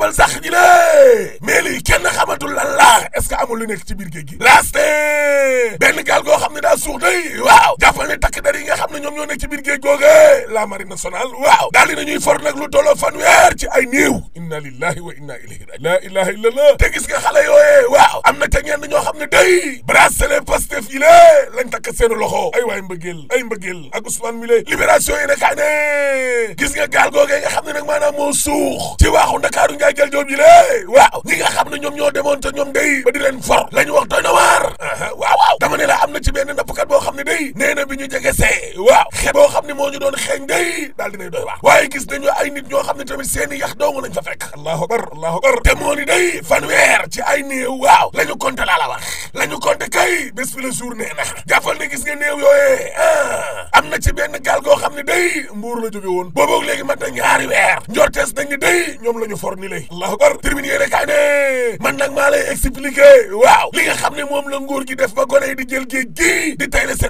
yebal sax ji la ne lii kenn la est-ce que amul ci biir géej gi laaste benn goo xam ne daa suux day waaw jàppal ne takk der yi nga xam ne ñoom ñoo ci biir géej googe la marine nationale waaw daal dina ñuy for nag lu tolloo fanweer ci ay néew inna lillahi wa inna te gis nga xale yooyee waaw am na ca ñenn ñoo xam ne day bracelet Pastef yi lé lañ takk seen loxo ay waay mbëggeel ay mbëggeel ak Ousmane Mile libération yi nekkaa ne gis nga gaal googee nga xam ne nag maanaam moo suux ci waaxu Ndakaaru njaay jël joob yi lé waaw nga xam ne ñoom ñoo demoon te ñoom day ba di leen for la ñu wax doy na waar waaw waaw dama ne la am na ci benn nappkat boo bi day nee na bi ñu jege see waaw xet boo xam ne moo ñu doon xeeñ day daal dinay doy waax waaye gis nañu ay nit ñoo xam ne tamit seen i yax dong lañ fa fekk allahu akbar allahu akbar te moo ni day fanweer ci ay néew waaw la ñu compté laa la wax la ñu compté kay bés fi la journée na jàppal ne gis nga néew yooyee ah am na ci benn gaal goo xam ne day mbuur la jóge woon booboog léegi mat na ñaari weer njortees nañ ni day ñoom la ñu for ni lay allahu akbar terminé yéene man nag maa lay expliqué waaw li nga xam ne moom la nguur gi def ba gone yi di jël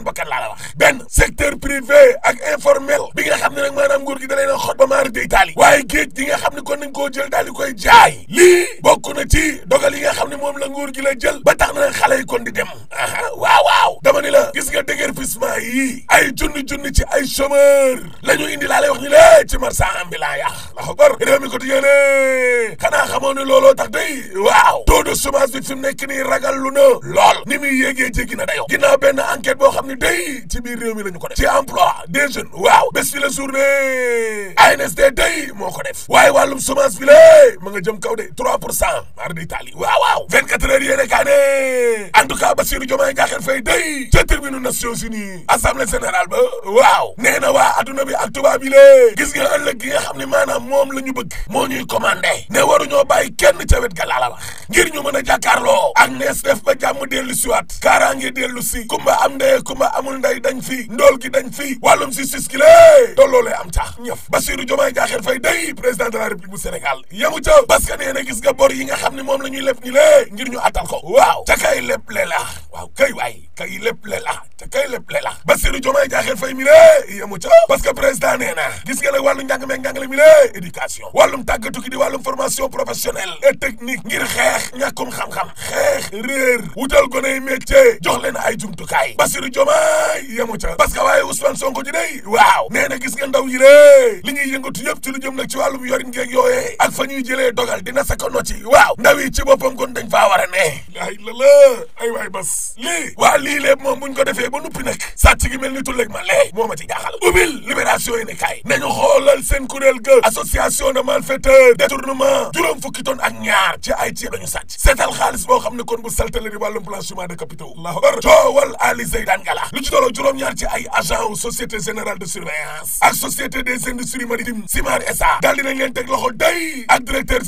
seen bakkan laa la wax benn secteur privé ak informel bi nga xam ne nag maanaam nguur gi da leen xot ba maari day taali waaye géej gi nga xam ne ko nañ koo jël daal di koy jaay lii bokk na ci dogal yi nga xam ne moom la nguur gi la jël ba tax na xale yi kon di dem aha waaw waaw dama ni la gis nga déguerpissement yi ay junni junni ci ay chômeur la ñu indi laa yo wax ni la ci marchand ambulant ya la bar réew mi ko di yéene xanaa xamoo ne looloo tax day waaw taux de chômage bi fi mu nekk nii ragal lu na lool ni muy yéegee jéggi na dayo ginnaaw benn enquête boo xam ne day ci biir réew mi la ñu ko def ci emploi des jeunes waaw bés fi la journée ANSD day moo ko def waaye wàllum semence bi la ma nga jëm kaw de 3 pour cent mar d' Italie waaw waaw 24 heures yéene kaa ne en tout cas Bassirou Diomaye Diakhar Faye day ca tribune Nations Unies assemblée générale ba waaw nee na waa adduna bi ak tubaab yi la gis nga ëllëg gi la ñu bëgg moo ñuy commandé ne waruñoo bàyyi kenn ca wet ga laa la wax ngir ñu mën a jàkkaarloo ak nees def ba dellu si waat kaaraange dellu si kumba am ndeye kumba kumba amul nday dañ fii ndool gi dañ fii wàllum sis ki lée tolloolee am tax ñëf Bassirou Diomaye Diakhar Faye day président de la République bu Sénégal yamu ca parce que nee na gis nga bor yi nga xam ne moom la ñuy leb ñi lée ngir ñu attal ko waaw ca kay leb lee laax waaw kay waay tey lépp le la te kay lépp le la Bassirou Diomaye Diakhar Faye mi lée yemu ca parce que président nee na gis nga nag wàllu mi lée éducation wàllum tàggatu ki di wàllum formation professionnelle et ngir xeex ñàkkum xam-xam xeex réer wutal gone yi métier jox ay jumtukaay Bassirou Diomaye yemu ca parce que waaye Ousmane Sonko ji dey waaw nee na ndaw yi lée li ñuy yëngatu yëpp ci lu jëm nag ci wàllum yorin ngeeg yooyee ak fa ñuy jëlee dogal dina sa ko a ne laay lii lépp moom buñ ko defee ba nuppi nag sàcc gi mel ni tulleeg ma lee moo ma ci jaaxal ubbil libération yi ne kaay nañu xoolal seen kuréel ga association de malfaiteurs détournement juróom fukki tonnes ak ñaar ci ay ceeb lañu sàcc seetal xaalis boo xam ne kon bu saltale di wàllum blanchiment de capitaux allahu akbar coowal Ali Zeydan Ngala lu ci dooloo juróom-ñaar ci ay agent société générale de surveillance ak société des industries maritimes Simar ak directeur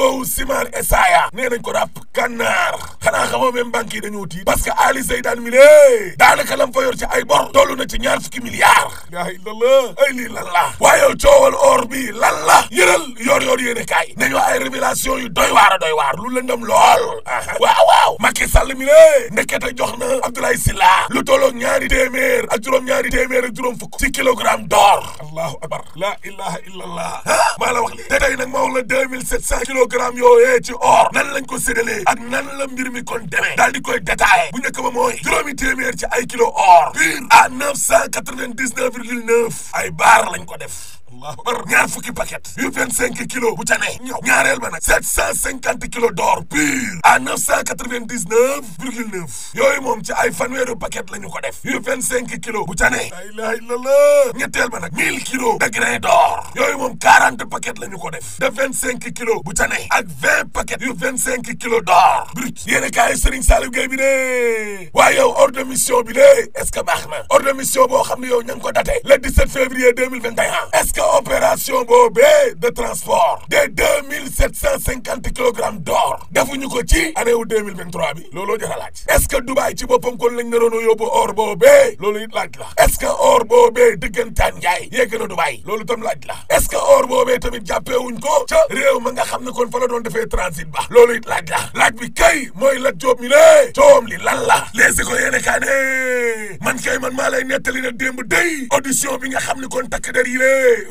boobu Simar Essaya nee nañ ko ràpp kannaar xanaa xamoo même banque yi dañoo tiit parce que Ali Seydaan mi lée daanaka lam fa yor ci ay bor toll na ci ñaar fukki milliards yaa lala ay lii lan la waaye coowal or bi lan la yëral yoor yoor yéene kaay nañu ay révélation yu doy waar a doy waar lu lëndëm lool waaw waaw Macky Sall mi lée ndekete jox na Abdoulaye Sylla lu tolloog ñaari téeméer ak juróom ñaari téeméer ak juróom fukk ci kilogramme d'or allahu akbar la ilaha illallah maa la wax li te tey nag ma wax la deux mille sept cent kilo kilogramme yooyee ci or nan lañ ko séddalee ak nan la mbir mi kon demee daal di koy détaillé bu njëkk ba mooy juróomi téeméer ci ay kilo or pur à neuf cent quatre-vingt-dix-neuf ay baar lañ ko def allahu akbar ñaar fukki paquet yu vingt cinq kilos bu ca ne ñëw ñaareel ba nag sept cent cinquante kilos d'or pur à neuf cent quatre vingt dix neuf virgule neuf yooyu moom ci ay fanweeru paquet la ñu ko def yu vingt cinq kilos bu ca ne la ba nag mille kilos de grain d'or yooyu moom quarante la ñu ko def de vingt cinq kilos bu ca ne ak vingt paquet yu vingt cinq kilos d'or brut yéen a kaay Serigne Salou bi de waaye yow bi de est ce baax na ordre boo xam ne yow ña ko daté le 17 février 2021 est ce que que opération boobee de transport des deux mille sept cent cinquante kilogrammes d'or defuñu ko ci année wu deux mille vingt trois bi looloo jar a laaj est ce que Dubaï ci boppam kon lañ naroon a yóbbu or boobee loolu it laaj la est ce que or boobee dëggantaan njaay yegg na Dubaï loolu tam laaj la est ce que or boobee tamit ko ca réew ma nga xam ne kon fa doon defee transit ba loolu it laaj la laaj bi kay mooy la joob mi ne coom li lan la les ko yéene kaa man na xam ne kon takk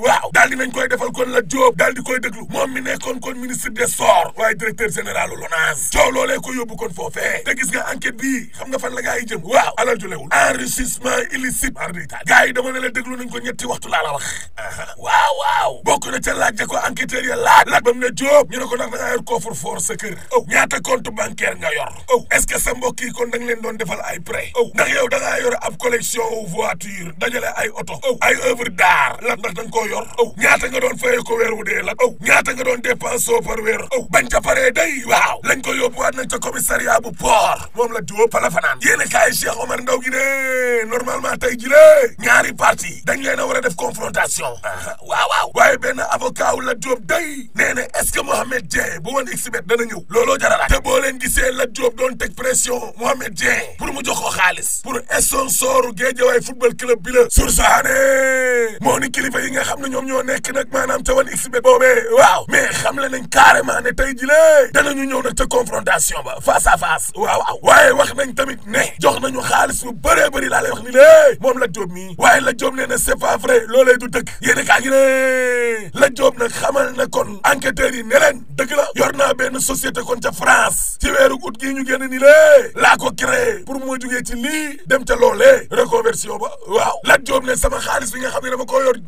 waaw daal di nañ koy defal kon la Diop daal di koy déglu moom mi nekkoon kon ministre des sports waaye directeur général LONASE coow loolee ko yóbbu kon foofee te gis nga enquête bi xam nga fan la gaa yi jëm waaw alal julewul enrichissement illicite ardita gaa yi dama ne la déglu nañ ko ñetti waxtu laa wax waaw waaw bokk na ca laaj ja ko enquêteur laaj laaj ba mu ne Diop ko ndax da ngaa yor coffre fort sa aw ñaata compte bancaire nga yor aw est que sa kon da nga leen doon defal ay prêt aw ndax yor aw ñaata nga doon fayee ko weer wu dee la aw ñaata nga doon dépense par weer aw bañ paree day waaw lañ ko yóbbuwaat nañ ca commissariat bu port moom la diwoo pala fanaan yéen a kaay Cheikh Omar Ndaw gi de normalement ji lée ñaari parti dañ leen a war a def confrontation ah, waaw waaw waaye benn avocat wu la Diop day nee na est-ce que Mohamed Dieng bu woon xibet dana ñëw looloo jaralaat te boo leen gisee la Diop doon teg pression Mohamed Dieng pour mu jox ko xaalis pour esson sooru Guédiawaye football club bi la sursaane moo ni yi nga xam na ne ñoom ñoo nekk nag maanaam ca wan xbet boobee waaw mais xam le nañ carrément ne tey jilee danañu ñëw nag ca confrontation ba face a face waaw waaw waaye wax nañ tamit ne jox nañu xaalis bu bëree bëri laa lay wax ni lée moom la jóob mii waaye la jóob nee na c'est pas vrai loolee du dëgg yéen kaa la jóob nag na kon enquêteurs yi ne leen dëgg la yor naa benn société kon ca France ci weeru ut gii ñu génn ni lée laa ko créé pour mu jógee ci lii dem ca loolee reconversion ba waaw bi nga xam ne dama ko yor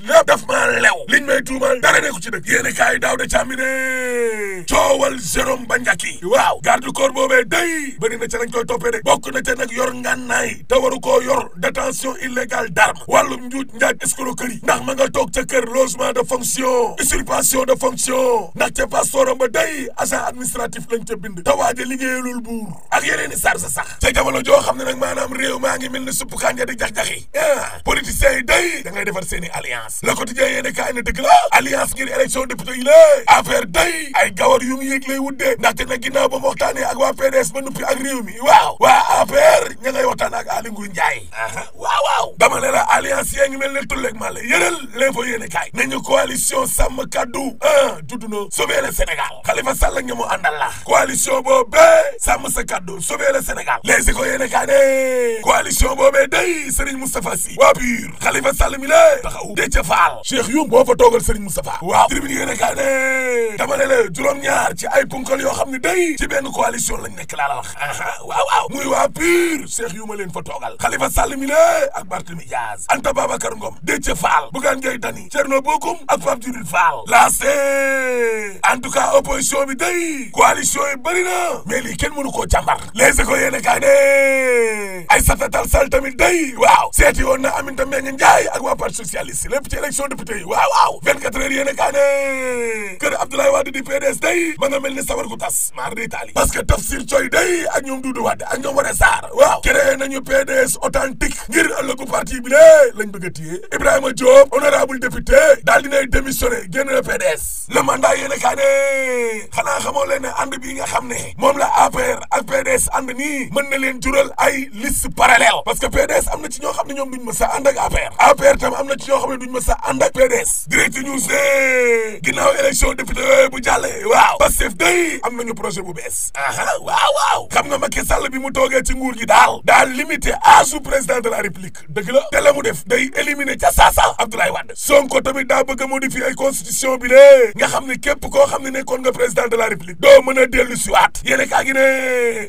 naa lew liñ may tuumal dara nekku ci dëgg yéen i kaay daaw da càmmi ne coowal Jérôme Bandiaky waaw garde corps boobee day bëri na ca lañ koy bokk na ca nag yor ngànnaay te waru koo yor détention illégale d'arme wàllum njuuj njaaj escroquerie ndax ma nga toog ca kër logement de fonction usurpation de fonction ndax ca passeport ba day agent administratif lañ ca bind te waaja liggéeyalul buur ak yeneen i sarsa sax ca jamono joo xam ne nag maanaam réew maa ngi mel ni supp kànja di jax-jaxi ah politiciens yi day da ngay defar seen i quotidien yéene kaay na dëgg la alliance ngir élection député yi lé day ay gawar yu mu yéeg lay wuddee ndaxte ginnaaw ba mu waxtaanee ak waa PDS ba nuppi ak réew mi waaw waa affaire ña ngay waxtaan ak Aly Ngouille Ndiaye waaw waaw dama la alliance yaa mel ne tulleeg maa la yëral l'info yéene kaay nañu coalition sàmm kaddu ah judd na sauver le Sénégal Khalifa Sall nga mu àndal la coalition boobee sàmm sa kaddu sauver le Sénégal les éco yéene kaay ne coalition boobee cheikh yu boo fa toogal Serigne Moustapha waaw tribune yéen a kaay ne dama ne la juróom-ñaar ci ay punkal yoo xam ne day ci benn coalition lañ nekk laa la wax aa waaw waaw muy waa PUR cheikh yu ma leen fa toogal Khalifa Sall mi la ak Barthélémy Dias Anta Babacar Ngom Déthié Fall Bougane Gueye Dany Thierno Bocoum ak Pape Djibril Fall laast en tout cas opposition bi day coalition yi bëri na mais lii kenn mënu koo jàmbar les écoles yéen a kaay ne ay satatal sal tamit day waaw seeti député yi waaw waaw 24 heures yéen a kaa ne kër Abdoulaye Wade di PDS day ma nga sawar gu tas maar di parce que Tafsir Coy day ak ñoom Doudou Wade ak ñoom Wade Sarr waaw créé nañu PDS authentique ngir ëllëgu parti bi lañ bëgg a téye Ibrahima Diop honorable député daal dinay démissionné génn na PDS le mandat yéen a kaa bi nga xam ne la APR ak PDS ànd nii mën na leen ay liste parallèle parce que PDS am na ci ñoo ak PDS direct news ne eh. ginnaaw élection député yooyu bu jàlle waaw Pastef day am nañu projet bu bees aha waaw waaw xam nga Macky Sall bi mu toogee ci nguur gi daal daal limite âge président de la République dëgg la la mu def day éliminer ca saasa Abdoulaye Wade Sonko tamit daa bëgg a modifier ay constitution bi de nga xam ne képp koo xam ne nekkoon nga président de la République doo mën a dellu si waat yéene kaa gi ne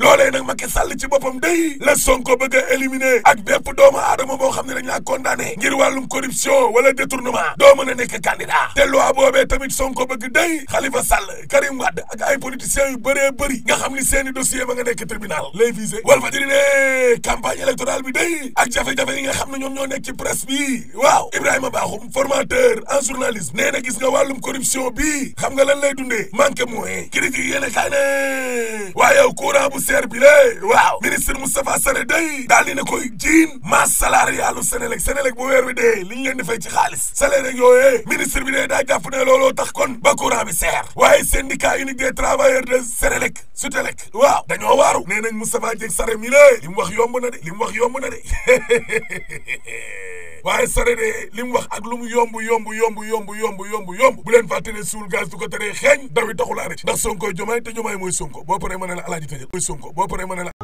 loolee nag Macky Sall ci boppam day la Sonko bëgg a ak bépp doomu aadama boo xam ne dañ laa condamné ngir wàllum corruption wala détournement candidat doo mën a nekk candidat te loi boobee tamit Sonko bëgg day Khalifa Sall Karim Wade ak ay politiciens yu bëree bëri nga xam ni seeni dossier ma nga nekk tribunal lay visé wal fa jëri ne campagne électorale bi day ak jafe-jafe yi nga xam ne ñoom ñoo nekk ci presse bi waaw Ibrahima Bakhoum formateur en journalisme nee na gis nga wàllum corruption bi xam nga lan lay dundee manqué moyen critique yéen a kaay ne waaye yow bu seer bi lé waaw ministre Moustapha Sarr day daal dina koy jiin masse salariale Sénélec Sénélec bu weer wi dee li ñu leen di fay ci xaalis salaire nag yooyee ministre bi ne daa jàpp ne looloo tax kon ba courant bi seer waaye syndicat unique des travailleurs de Sénélec Sutelec waaw dañoo waaru nee nañ Moustapha Dieng Sare mi lée mu wax yomb na de li mu wax yomb na de waaye sare de li mu wax ak lu mu yomb yomb yomb yomb yomb yomb yomb bu leen suul gaz du ko teree xeeñ dawi taxul a jomaay te jomaay mooy Sonko boo paree mën a la alaaji tëjal mooy Sonko boo paree mën a la